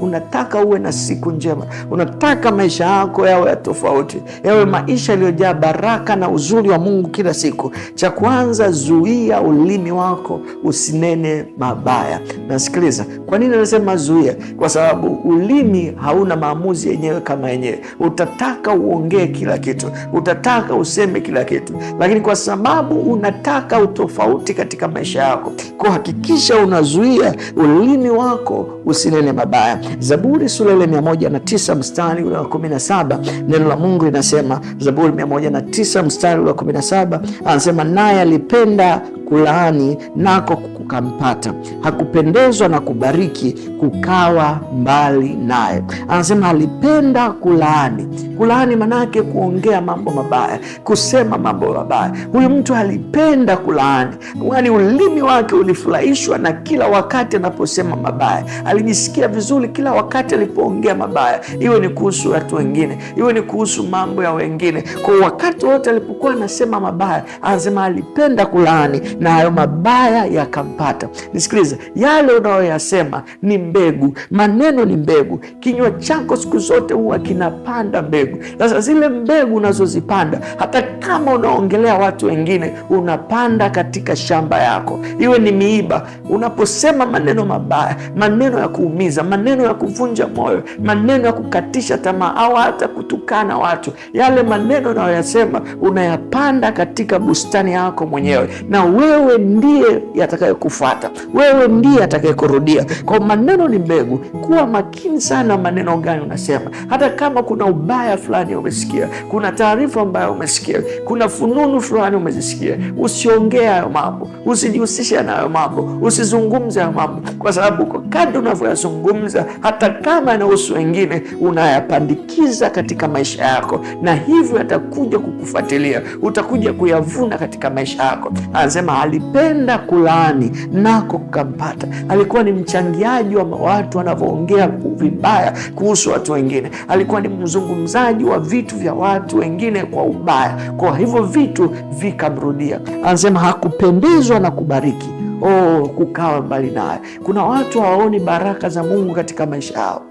unataka uwe na siku njema, unataka maisha yako yawe ya tofauti, yawe maisha yaliyojaa baraka na uzuri wa Mungu kila siku, cha kwanza, zuia ulimi wako usinene mabaya. nasikiliza kwa nini anasema zuia? Kwa sababu ulimi hauna maamuzi yenyewe kama yenyewe. Utataka uongee kila kitu, utataka useme kila kitu, lakini kwa sababu unataka utofauti katika maisha yako, kuhakikisha unazuia ulimi wako usinene mabaya. Zaburi sura ile 109 mstari ule wa 17, neno la Mungu linasema, Zaburi 109 mstari ule wa 17 anasema, naye alipenda kulaani nako kukampata, hakupendezwa na kubariki kukawa mbali naye. Anasema alipenda kulaani. Kulaani manake kuongea mambo mabaya, kusema mambo mabaya. Huyu mtu alipenda kulaani, yaani ulimi wake ulifurahishwa na kila wakati anaposema mabaya, alijisikia vizuri kila wakati alipoongea mabaya, iwe ni kuhusu watu wengine, iwe ni kuhusu mambo ya wengine. Kwa wakati wote alipokuwa anasema mabaya, anasema alipenda kulaani na hayo mabaya yakampata. Nisikilize, yale unayoyasema ni mbegu, maneno ni mbegu. Kinywa chako siku zote huwa kinapanda mbegu. Sasa zile mbegu unazozipanda, hata kama unaongelea watu wengine, unapanda katika shamba yako, iwe ni miiba. Unaposema maneno mabaya, maneno ya kuumiza, maneno ya kuvunja moyo, maneno ya kukatisha tamaa, au hata kutukana watu, yale maneno unayoyasema unayapanda katika bustani yako mwenyewe na wewe ndiye yatakayekufuata, wewe ndiye atakayekurudia. Kwa maneno ni mbegu. Kuwa makini sana maneno gani unasema, hata kama kuna ubaya fulani umesikia, kuna taarifa ambayo umesikia, kuna fununu fulani umezisikia, usiongee hayo mambo, usijihusisha na hayo mambo, usizungumze hayo mambo, kwa sababu kwa kadri unavyoyazungumza, hata kama yanahusu wengine, unayapandikiza katika maisha yako, na hivyo yatakuja kukufuatilia, utakuja kuyavuna katika maisha yako. Anasema alipenda kulaani nako kukampata. Alikuwa ni mchangiaji wa watu wanavyoongea vibaya kuhusu watu wengine, alikuwa ni mzungumzaji wa vitu vya watu wengine kwa ubaya, kwa hivyo vitu vikamrudia. Anasema hakupendezwa na kubariki oh, kukawa mbali naye. Kuna watu hawaoni baraka za Mungu katika maisha yao.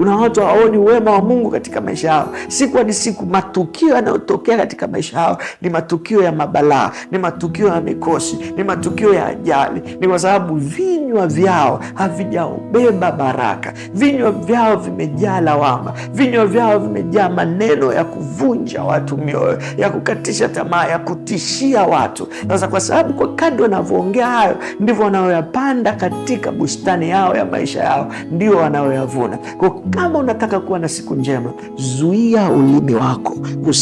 Kuna watu hawaoni uwema wa Mungu katika maisha yao. Siku hadi siku, matukio yanayotokea katika maisha yao ni matukio ya mabalaa, ni matukio ya mikosi, ni matukio ya ajali. Ni kwa sababu vinywa vyao havijaobeba baraka, vinywa vyao vimejaa lawama, vinywa vyao vimejaa maneno ya kuvunja watu mioyo, ya kukatisha tamaa, ya kutishia watu. Sasa kwa sababu kwa kadri wanavyoongea hayo, ndivyo wanayoyapanda katika bustani yao ya maisha yao, ndio wanayoyavuna. Kama unataka kuwa na siku njema, zuia ulimi wako usi